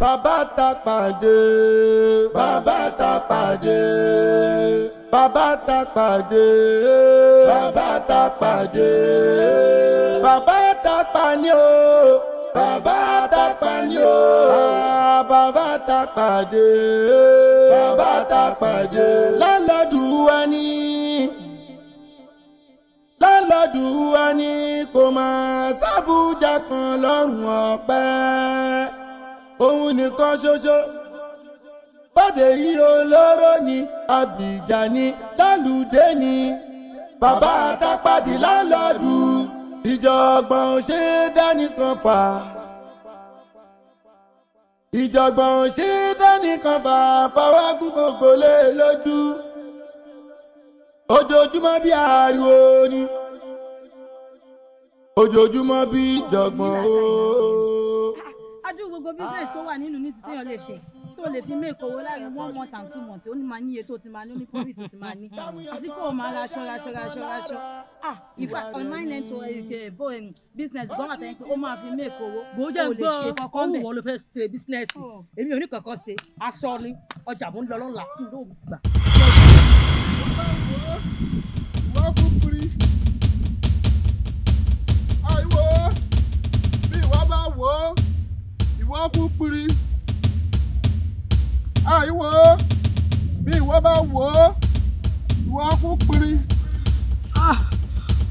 bàbá ta pàdé bàbá ta pàdé bàbá ta pàdé bàbá ta pàdé bàbá ta pàní o bàbá ta pàní o ah, bàbá ta pàdé bàbá ta pàdé lálọ́dúnwá ni lálọ́dúnwá ni kò máa sábújà kan lọ́rùn ọ̀pẹ́ òun nìkan ṣoṣo bọ́dé yìí olóró ni àbíjà ni lálùdé ni bàbá àtàpàdé lálọ́dù ìjọ̀gbọ̀n ṣe dánìkan fà ìjọ̀gbọ̀n ṣe dánìkan fà fáwágùn gbogbo lé e lójú ojoojúmọ́ bí ariwo ni ojoojúmọ́ bí ìjọ̀gbọ̀n ooo gbogbo business tó wà nílùú ní títí yàn lè ṣe tó lè fi make owó láàrin one month and two months ó ní máa ní iye tó ti máa ní ó ní profit tó ti máa ní àbí kó o máa raṣọ raṣọ raṣọ raṣọ ah ìfà online lẹ́ńtò bó business gbọ́n àtẹ̀yìn pé ó máa fi make owó gbòójà gbọ́ ó wù wọ́n ló fẹ́ ṣe business èmi ò ní kankan ṣe aṣọ ni ọjà mo ń lọ lọ́la kí ló gbà. wọ́n wọ́n kú piri àìwò bí ìwọ bá wò ó ìwọ kú piri. Ah,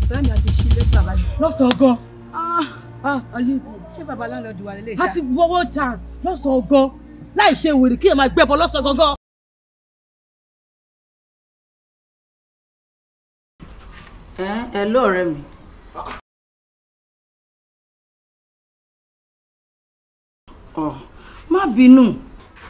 bẹ́ẹ̀ni àti ṣí bàbá yìí lọ́sàn-án gan ah, ah, ayé ṣé bàbá láńlọ́ọ̀dù wà nílé ìṣá. a ti wọ́wọ́ jà lọ́sàn-án gan láì ṣe wèrè kí ẹ máa gbẹ́bọ lọ́sàn-án gangan. ẹ ẹ lóòrẹ mi ọ oh, má bínú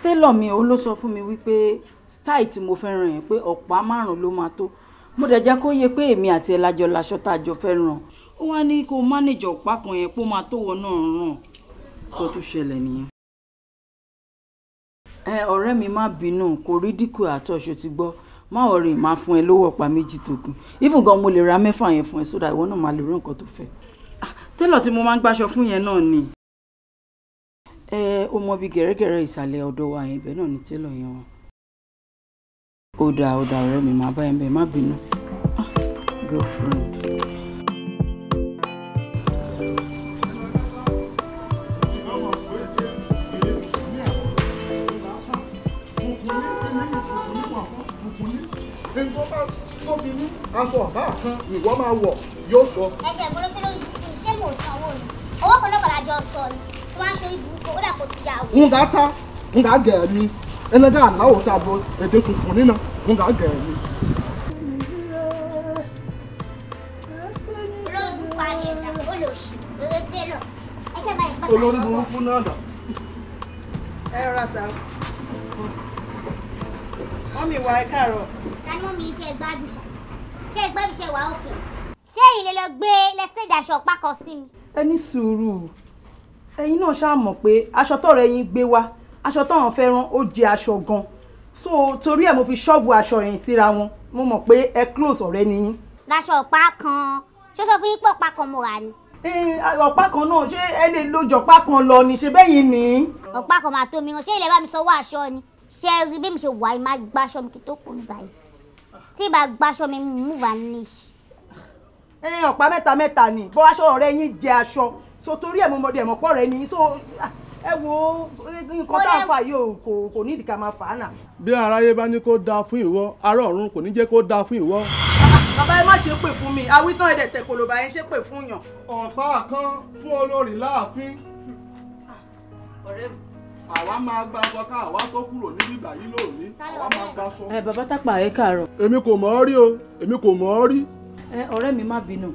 télọ̀ mi ó ló sọ fún mi wípé style tí mo fẹ́ ràn yẹn pé ọ̀pá márùn-ún ló máa tó mo dẹ̀ jẹ́ kó yẹ pé èmi àti ẹ̀ lájọ laṣọ tá a jọ fẹ́ ràn ó wá ní kó mánèjì ọ̀pá kan yẹn pó máa tó wọn náà ràn kó tó ṣẹlẹ̀ nìyẹn. ẹ ọ̀rẹ́ mi má bínú kò rí dínkù àtọ̀ṣe ti gbọ́ má ọ̀rẹ́ máa fún ẹ lówó ọ̀pá méjì tó kù even gan mo lè ra mẹ́fà yẹn fún ẹ sódà ìwọ náà máa lè rí nǹkan tó fẹ́. Ah, télọ̀ tí mo máa ń gbàṣọ fún yẹn náà ni o mọ bí gẹ̀rẹ́gẹ̀rẹ́ ìsàlẹ̀ ọ̀dọ̀ wa yẹn ibẹ̀ náà ni télọ̀ yẹn wà. ó dà ó dà ọ̀rẹ́ mi máa bá yẹn bẹ́ẹ̀ má bínú ah, girlfriend. kan náà kọ̀ lájọ sọ ni nga ta nga gari ene ga na wo sabo ede tuntun nina nga gari olórí burúkú náà dà. ẹ rọra sá mọ́mí wa ẹ káàárọ̀. ta ni mọ́mí iṣẹ́ gbádùn sá ṣé ìgbádùn ṣe wà òkè ṣé ìlélọ́gbé lẹ́sẹ̀ ìdàṣọ pákọ̀ sí mi. ẹ ní ẹ̀yin náà ṣáà mọ̀ pé aṣọ tọ̀rọ̀ ẹ̀yin gbé wá aṣọ tọ̀hún fẹ́ràn ó jẹ aṣọ gan so torí ẹ̀ mo fi ṣọ́ọ̀bù aṣọ yẹn síra wọn mo mọ̀ pé ẹ close ọ̀rẹ́ ni yín. daṣọ ọ̀pá kan ṣoṣo fún yín pọ̀ ọ̀pá kan mo rà ni. ọ̀pá kan náà ṣé ẹ lè lójú ọ̀pá kan lọ ni ṣe bẹ́yìn ni. ọ̀pá kan máa tó mi ràn ṣé ilẹ̀ bá mi sanwó aṣọ ni ṣé rí bí mi ṣe wà yìí máa gbaṣọ mi kí tó kú báyìí tí ì bá gbaṣọ mi mú wa níṣ. ọ̀pá mẹ́ta mẹ́ta ni bọ́ aṣọ ọ̀rẹ́ yín jẹ aṣọ so torí ẹ̀ mo mọ̀ dẹ̀ mọ̀ pọ̀ rẹ̀ ni so ah, ẹ wo nǹkan tá a fà yìí kò kò ní ìdíkà máa fà á nà. bí aráyé bá ní kó dáa fún ìwọ ará ọ̀run kò ní jẹ́ kó dáa fún ìwọ. bàbá ẹ má ṣe pè fún mi awítán ẹ̀dẹ̀ tẹ̀ kòlòbà yẹn ṣe pè fún yàn. ọ̀pá kan fún olórí láàfin. ọ̀rẹ́ mi àwa máa gba ọkọ àwa tó kúrò níbí báyìí lónìí àwa máa gba sọ. ẹ bàbá tápà ẹ káàárọ̀. èmi kò mọ̀ ọ́ rí o èmi kò mọ̀ ọ́ rí. ẹ ọ̀rẹ́ mi má bínú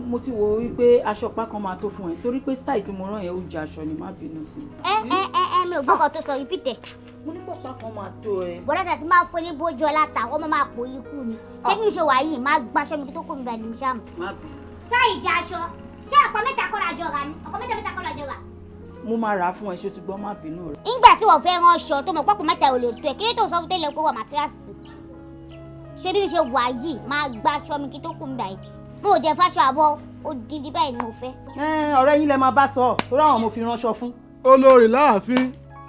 mo ti wò wípé aṣọ pa kan máa tó fún ẹ torí pé style tí mo rán yẹn ó jẹ aṣọ ni má bínú sí. ẹ ẹ ẹ ẹ mi ò gbọ́kàn ah! tó sọ repeat mo ní pọ̀pá kan máa tó ẹ. bọ́dọ̀dà tí máa fún ní bójú ọlá ta ọmọ máa pò yí kú ni ṣé ah! kí n ṣe wàyí máa gbaṣọ mi tó kó mi balẹ̀ mi ṣáàmù. má bínú. táyì jẹ aṣọ ṣé àpò mẹ́ta kọ́ la rà ni àpò mẹ́ta mẹ́ta kọ́ la rà mo máa rà á fún ẹ ṣé o ti gbọ́ má bínú rẹ. ń mo dẹ̀ fáṣọ àbọ̀ odidi báyìí ni mo fẹ́. ọ̀rẹ́ yín lẹ máa bá sọ torí àwọn mo fi ránṣọ fún. olórí láàfin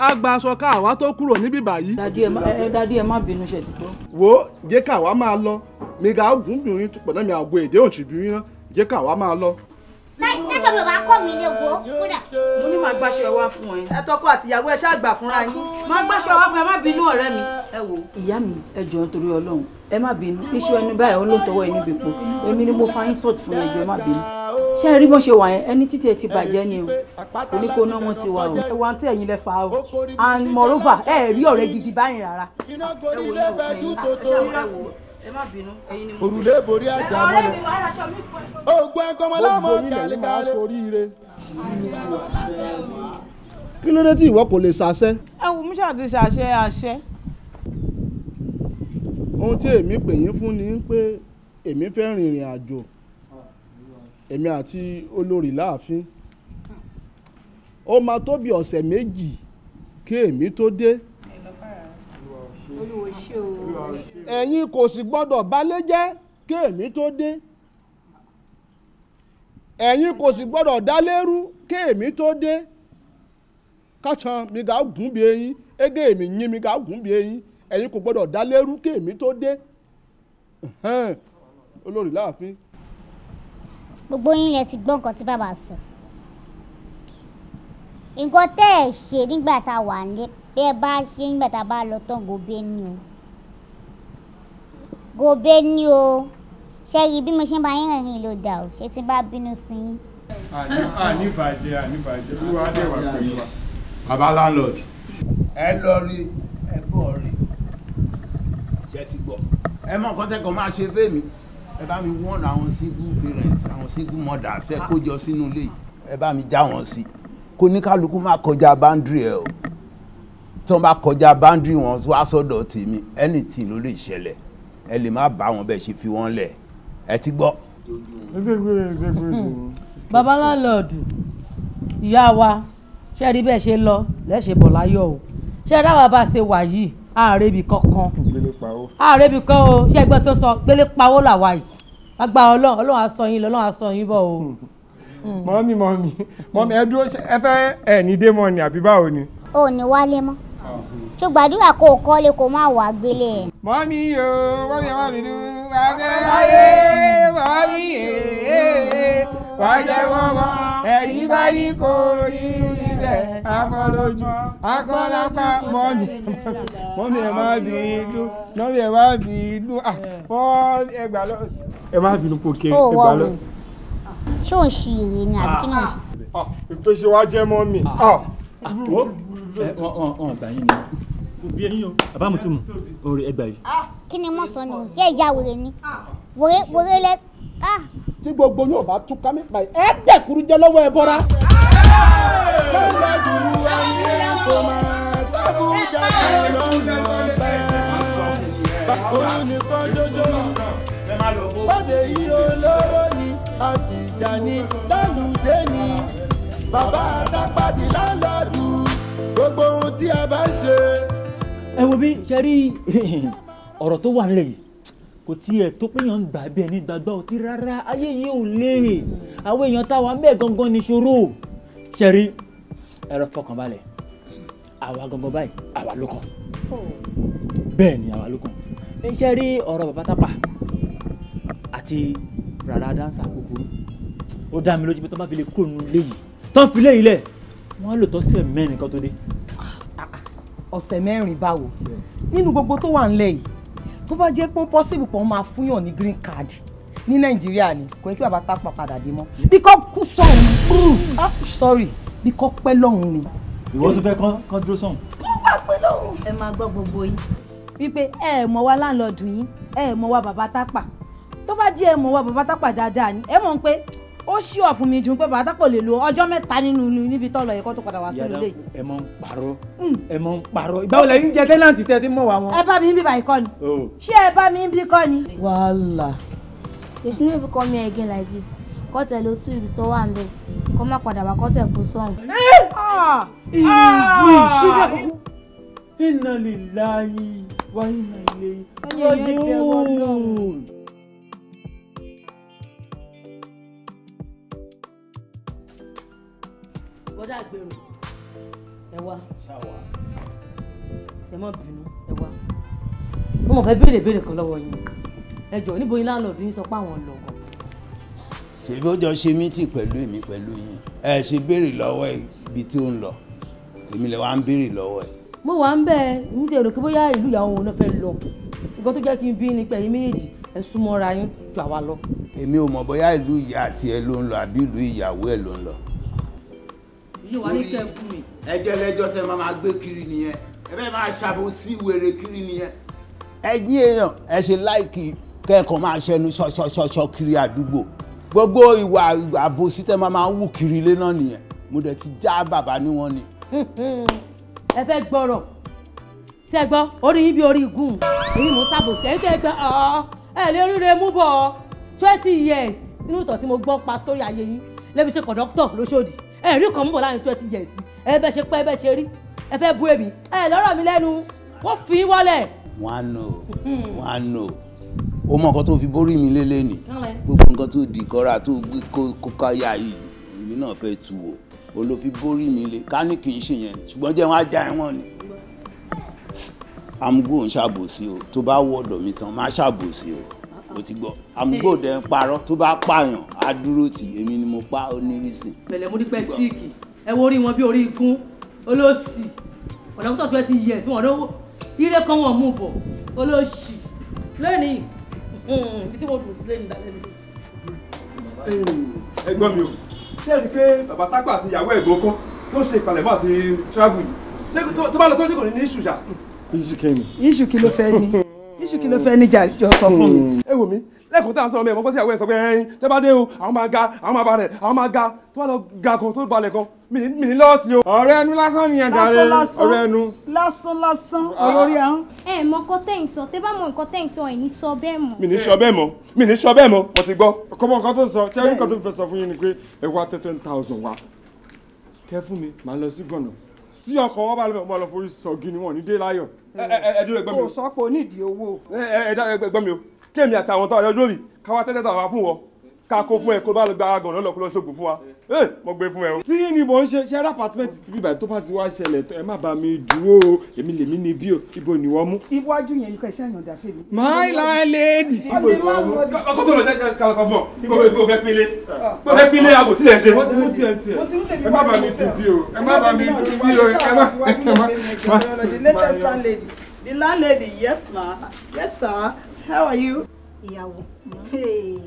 a gba aṣọ káàwá tó kúrò níbí báyìí. dadi ẹ má bínú ṣe ti gbọ́. wo jẹ́ káàwá máa lọ mega ogunbìnrin pọ̀nà mi àgbo èdè òṣìbìnrin náà jẹ́ káàwá máa lọ. sẹ́kọ̀ọ́ bàbá kọ́ mi ní egbò kódà. mo ní màá gbàṣọ ẹwà fún ẹ. ẹ tọkọ àtìyàwó ẹ ṣáà gbà fúnra yín. màá gbàṣọ ẹwà fún ẹ má bínú ọ̀rẹ́ mi. ẹ wo ìyá mi ẹ jọ̀ọ́ nítorí Ọlọ́run ẹ má bínú iṣẹ́ ẹni báyìí olóńtọ́wọ́ ẹni bìpò èmi ni mo fa insult fún ẹjọ́ ẹ má bínú ṣé ẹ rí bọ́n ṣe wà yẹn ẹni títí ẹ ti bàjẹ́ ni o oníkóná wọn ti wà o. ẹ wá tí ẹ̀yin lẹ fa o and moreover ẹ rí ọ̀rẹ́ gidi báyìí rárá. òrùlé borí àjà mọ́lẹ̀ ogun ẹgbọ́mọlọ́mọ kàlíkàlí. kí ló dé tí ìwọ kò lè ṣàṣẹ. ẹ wò mí ṣáà ti ṣàṣẹ àṣẹ. ohun tí èmi pè yín fún ni pé èmi fẹ́ rìnrìn àjò èmi àti olórí láàfin ó máa tó bí ọ̀sẹ̀ méjì kí èmi tó dé ẹ̀yin kò sì gbọ́dọ̀ balé jẹ́ kí èmi tó dé ẹ̀yin kò mi gà gùn bí eyín ege èmi yín mi gà gùn bí eyín ẹ̀yin kò gbọ́dọ̀ dá lérú kéèmí tó dé olórí láàfin. gbogbo yín lẹ ti gbọ́ nǹkan tí bàbá sọ nǹkan tẹ́ ẹ̀ ṣe nígbà tá a wà ní tẹ́ ẹ bá ṣe nígbà tá a bá lọ tán gòbé ni o gòbé ni o ṣé yìí bí mo ṣe ń bá yín rìn rìn ló dà o ṣé tí bá bínú sí yín. àníbàjẹ́ àníbàjẹ́ olúwa dẹ̀ wà pẹ̀lú wa. baba landlord. ẹ lọ rí ẹ gbọ́ rí ṣe ti gbọ́ ẹ mọ nǹkan tẹ́kọ̀ọ́ máa ṣe fẹ́mi ẹ bá mi wọ́n àwọn single parents àwọn single mothers ẹ kó jọ sínú ilé yìí ẹ bá mi já wọn sí kó ní kálukú má kọjá boundary ẹ o tí wọ́n bá kọjá boundary wọn wá sọ́dọ̀ tèmi anything ló lè ṣẹlẹ̀ ẹ lè má bá wọn bẹ́ẹ̀ ṣe fi wọ́n lẹ̀ ẹ ti gbọ́. baba lálọ́ọ̀dù ìyá wa ṣe rí bẹ́ẹ̀ ṣe lọ lẹ́ṣẹ̀ bọ̀ láyọ̀ o ṣe dábàá bá ṣe wà yìí àrèbì kankan àrèbì kan o ṣé ẹgbẹ́ tó sọ gbélé pawó làwa yìí agbá ọlọ́run ọlọ́run aṣọ yín lọ ọlọ́run aṣọ yín bọ̀ o. mọ́mí mọ́mí mọ́mí ẹ dúró ẹ fẹ́ ẹ̀ ní dé mọ́ ni àbí báwo ni. o ò ní wálé mọ́ tó gbàdúrà kó o kọ́lé kó o má wàá gbélé ẹ̀. mọ́mí o mọ́mí mọ́mí dú akẹ́kọ̀ọ́yé mọ́mí ẹ̀ wájẹ́ wọ́wọ́ ẹ̀rí bá ní kò rí ibẹ̀ afọlójú akọ́lápá mọ́mí mọ́mí ẹ̀ má bí inú mọ́mí ẹ̀ má bí inú ah, ẹ̀ gbà lọ ẹ̀ má bínú kò kéré oh, ẹ̀ gbà lọ. ṣé òun ṣì yìí ni àbí kí ni òun ṣì. Ah, ìpèsè wa jẹ́ mọ́mí. Ah, Ah, wo eh, wọn wọn gbà yín ni kò bí eyín o bàbá mi tún mu oore ẹgbà yìí. Ah, kí ni mo sọ ni o ṣé ìyá wèrè ni ah. wèrè wèrè lẹ. Ah. tí gbogbo yóò bá tún kámi pa ẹ dẹkuru jẹ lọ́wọ́ ẹ bọra. lọ́lẹ́dùn àmì ẹ̀ kò máa sábùjá kan lọ́nà bẹ́ẹ̀ òun nìkan ṣoṣo bọ́dẹ̀ yìí olóró ni àbíjà ni lálùdé ni bàbá adápàdé láńlọ́ọ̀dù gbogbo ohun tí a bá ń ṣe. ẹ wo bí ṣe rí ọ̀rọ̀ tó wà nílẹ̀ yìí kò tiẹ̀ tó péyàn ń gbà bí ẹni gbàgbọ́ ọtí rárá ayé yìí ò léèrè àwọn èèyàn táwa mẹ́ẹ̀ gangan ní ṣòro ṣe rí ẹ̀rọ fọkànbalẹ̀ àwa gangan báyìí àwa ló kàn bẹ́ẹ̀ ni àwa ló kàn ṣe rí ọ̀rọ̀ bàbá tápà àti rárá dáńsà kúkúrú ó dá mi lójú pé tó bá fi lè kúrò nínú ilé yìí tán fi lé ilẹ̀ wọ́n á lò tọ́sẹ̀ mẹ́rin kan tó dé. ọ̀sẹ̀ mẹ́rin báwo nínú gbogbo tó wà ńlẹ̀ yìí tó bá jẹ́ pé possible pọ̀ máa fúnyàn ní green card ní nàìjíríà ni kò yẹ kí bàbá tápà padà dé mọ́ bí kò kú sọ̀hún ah, sorry bí kò pẹ́ lọ́hún ni. ìwọ tún fẹ́ kán dúró sọ̀hún. wọ́n wá pẹ́ lọ́hún. ẹ máa gbọ́ gbogbo yín wípé ẹ ẹ mọ̀ wá láńlọ́ọ̀dù yín ẹ ẹ mọ̀ wá bàbá tápà tó bá jẹ́ ẹ mọ̀ wá bàbá tápà dáadáa ni ẹ mọ̀ pé ó ṣí ọ̀ mi jù pé bàtà kò lè lo ọjọ́ mẹ́ta nínú níbi tọ́lọ̀ yìí tó padà wá sínú ilé yìí. ẹ mọ ń parọ́ hmm. ẹ mọ ń parọ́ ìgbà wo jẹ tẹ́láǹtì tẹ́ ti mọ̀ wá wọn. ẹ bá mi ń bí báyìí kọ́ ni oh. ṣé ẹ bá mi ń bí kọ́ ni. wàhálà. you should never come here again like this kọ́tẹ̀ ló tú ìtọ́ wà ń bẹ̀ kó má padà wá kọ́tẹ̀ kó sọ̀hún. english inna lillahi wa inna ilayhi raji'un. lọ́dọ̀ àgbèrò ẹ wá ẹ má bínú ẹ wá wọ́n mọ̀ fẹ́ béèrè béèrè kan lọ́wọ́ yín ẹ jọ̀ọ́ níbo yín láńlọ́ọ̀dù yín sọ pé àwọn lọ gan. ṣèlú ó jọ ṣe mítì pẹ̀lú èmi pẹ̀lú yín ẹ ṣe béèrè lọ́wọ́ ibi tí ó ń lọ èmi lè wá ń béèrè lọ́wọ́ ẹ. mo wà ń bẹ èmi ti èrò kí bóyá ìlú ìyàwó òun náà fẹ́ lọ nǹkan tó jẹ́ kí n bí ni pé ẹ̀yin méjèèjì ẹ súnmọ́ra yín jù àwa lọ. èmi ò mọ̀ bóyá ìlú ìyá àti ẹ ló ń lọ àbí ìlú ìyàwó ẹ ló ń lọ mi ò wá ní kẹ́kùn mi. ẹjẹ lẹjọ tẹ máa máa gbé kiri nìyẹn ẹ bẹ́ẹ̀ máa ṣàbòsí wèrè kiri nìyẹn. ẹyin èèyàn ẹ ṣe láìkì kẹ́ẹ̀kan máa ṣẹnu ṣọṣọṣọṣọ kiri àdúgbò gbogbo ìwà àbòsí tẹ máa máa wù kiri ilé náà nìyẹn mo dẹ̀ ti já bàbá níwọ̀n ni. ẹ fẹ́ gbọ́rọ̀ ṣe gbọ́ orí yín bí orí igun èyí mò ń ṣàbòsí ẹ̀yin tẹ́ gbẹ́ ọ̀ ẹ̀ lè mú bọ̀ twenty years inú ìtàn tí mo gbọ́ pa sórí ayé yín lẹ́bi ṣe kọ̀dọ́tọ̀ lóṣòdì ẹ rí kan mọ̀ láàrin twenty years ẹ bẹ́ ṣe pẹ́ bẹ́ ṣe rí ẹ fẹ́ bú èmi ẹ lọ́rọ̀ mi lẹ́nu wọ́n fi í wọlẹ̀. wọn á nò hmm. wọn á nò ó mọ nǹkan tó fi borí mi lélẹ̀ ni gbogbo nǹkan tó di kọ́ra tó gbé kókáyà yìí èmi náà fẹ́ tu o o ló fi borí mi lé ká ní kì í ṣe yẹn ṣùgbọ́n jẹ́ wọn á já ẹ̀wọ̀n ni amúgbò ń ṣàbòsí o tó bá wọ̀dọ̀ mi tán má ṣàbòsí o ó ti gbọ́ àmúgbòdè ń parọ́ tó bá pààyàn á dúró tì èmi ni mo pa ó ní rísìn. bẹ̀lẹ̀ mo dípẹ́ síìkì ẹ wo orí wọn bí orí igun olóòsì ọ̀dà tó tọ̀síwẹ́ ti yẹ̀ sí wọn lówó ire kan wọn mú bọ̀ olóòsì lónìí ibi tí mo dùn sí lẹ́yìn ìdálẹ́nu. ẹ̀gbọ́n mi o ṣé ẹni pé bàbá tákù àti ìyàwó ẹ̀gbọ́n kan tó ṣe ìpalẹ̀mọ́ àti travel ṣé tó bá lọ tó ṣe kò ní ní ìṣù ṣá. ìṣù kí ló fẹ́ ni iṣu kí ló fẹ́ níjà jọ sọ fún mi. Hmm. ẹ wò mí lẹ́kọ̀ọ́ tá à ń sọ̀rọ̀ mi ẹ̀mọ́ kọ́sí àwọn ẹ̀sọ́ pé ẹyin tẹ́ bá dé o àwọn máa ga àwọn máa balẹ̀ àwọn máa ga tó bá lọ ga kan tó balẹ̀ kan mi ní lọ́ọ̀sì o. ọ̀rọ̀ ẹnu lásán ni ẹ̀dá rẹ ọ̀rọ̀ ẹnu. lásán lásán ọ̀rọ̀ ah. rí ahọ́n. ẹ mọ nǹkan tẹ́yìn sọ tẹ́ bá mọ nǹkan tẹ́yìn sọ ẹ̀ ní sọ bẹ́ẹ̀ mọ́. mi ní sọ bẹ́ẹ̀ mọ́ mi ní sọ bẹ́ẹ̀ mọ́ mo ti gbọ́. kọ́mọ nǹkan tó ń sọ tẹ́rí nǹkan tó fẹ́ sọ fún yín ni pé ẹ wá tẹ́ ten thousand wa kẹ́ fún mi màá lọ sí gbọ̀nà tí ọkọ̀ wọn bá lọ forí sọ̀gì ni wọn ní dé láyọ̀ ẹdún ẹgbẹ́ mi. kò sọ pé o nídìí owó. ẹdá ẹgbẹ́ mi o kéèmí àtàwọn tó ọjọ́ lórí káwá tẹ́tẹ́ tàwa fún wọn ká kó fún ẹ kó bá lọ gba àgàn lọ́lọ́kọ́ lọ́sọ̀gùn fún wa mo gbé fún ẹ o. tí ni mò ń ṣe apartment ti bíbá tó bá ti wá ṣẹlẹ̀ tó ẹ má mi dúró o èmi lèmi ni bí o ibo ni wọ́n mú. iwájú yẹn ikọ̀ iṣẹ́ yàn dàfẹ́ mi. my lady. ibo ni wọ́n mú. ọkọ tó lọ jẹ́ ká sọ fún ọ ibo ibo fẹ́ pínlẹ̀ ibo fẹ́ pínlẹ̀ ah. àbò tilẹ̀ ṣe. mo ti mú tiẹ̀ tiẹ̀ ẹ má bá mi dùn bí o ẹ má bá mi dùn bí o ẹ má ẹ má. the landlady yes ma yes sir how are you. ìyàwó. Hey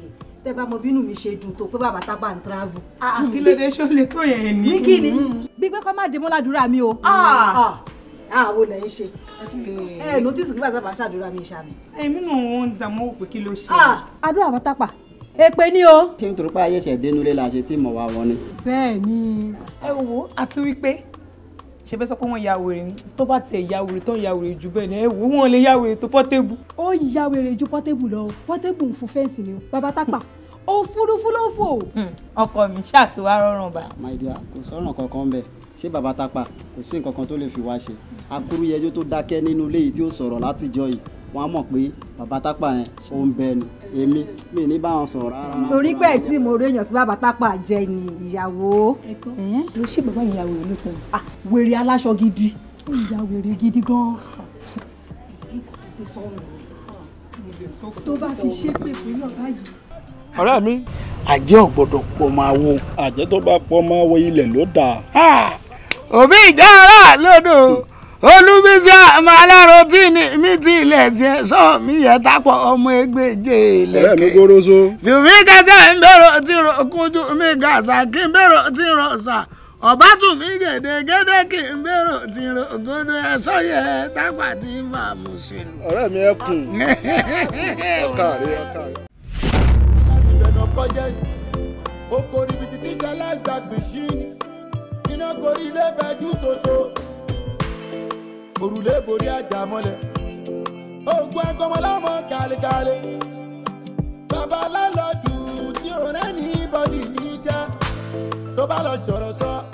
tẹ bá mọ bínú mi ṣe dùn tó pé bàbá tá bá ń travel. Ah, ah, kí ló dé ṣó lè tó yẹn ní. ní kí ni mm. bí pé kọ́ má dé mọ́ládùúrà mi o. àwo ah. lẹ̀ ń ṣe ẹ eh. eh, notice nígbà tí a bá ń ṣàdúrà mi ìṣàmì. Eh, èmi náà wọn ń dààmú òpè kí ló ṣe. àdúrà bá tápà èpè ni o. ṣé nítorí pé ayé ṣẹ̀ dénú lé la ṣe tí mọ̀ wá wọn ni. bẹ́ẹ̀ ni. ẹ wo àti wípé ṣe fẹ́ sọ pé wọ́n ya wèrè ni tó bá tiẹ̀ ya wèrè tó ya wèrè jù bẹ́ẹ̀ ni ẹ wò wọ́n lè ya wèrè tó pọ́tébù. ó ya wèrè ju pọ́tébù lọ pọ́tébù ń fún fẹ́ǹsì ni bàbá tápà òfurufú ló fò. Hmm, ọkọ mi ṣáà ti wá rọrùn bá. Ah, my dear kò sọ̀rọ̀ kankan bẹ́ẹ̀ ṣé bàbá tápà kò sí nǹkan kan tó lè fi wá ṣe akúrúyẹjọ́ tó dákẹ́ nínú ilé yìí tí ó sọ̀rọ̀ látijọ́ yìí wọn á mọ̀ pé bàbá tápà yẹn ó ń bẹ ni èmi mi ní bá wọn sọ̀rọ̀ rárá. torí pé tí mo rí èèyàn sí bàbá tápà jẹ ni ìyàwó. ló ṣe bàbá ìyàwó yìí ló tẹ̀ wèrè aláṣọ gidi ìyá wèrè gidi gan-an tó bá fi ṣépè fún yàn báyìí. ọ̀rẹ́ mi àjẹ́ ò pọ̀ máa wo. àjẹ́ tó bá pọ̀ máa wo ilẹ̀ ló dáa. Ah, òbí ìjà ara lódò. olùbíjà màláró tí mi ti ilẹ̀ tiẹ̀ sọ mi yẹ tápọ̀ ọmọ ẹgbẹ́ jẹ́ ilẹ̀ bẹ́ẹ̀ mi gbóró so. tùmí kẹsẹ̀ ń bẹ̀rọ̀ tí ro kúnjú mi gàṣà kí n bẹ̀rọ̀ ti ro sà ọba mi kí n bẹ̀rọ̀ ro gòdò ẹ̀sọ́ yẹ tápà tí ń bá mu sí. ọ̀rẹ́ mi ẹ kùn ọkàrí ọkàrí. láti bẹ̀rẹ̀ jẹ́ iná ilé fẹ́ òrùlé borí àjà mọ́lẹ̀ ogun agbọmọlọmọ kàlẹ́kàlẹ́ bàbá lálọ́dún tí ò rẹ́ ní bọ́dì níjà tó bá lọ sọ̀rọ̀ sọ.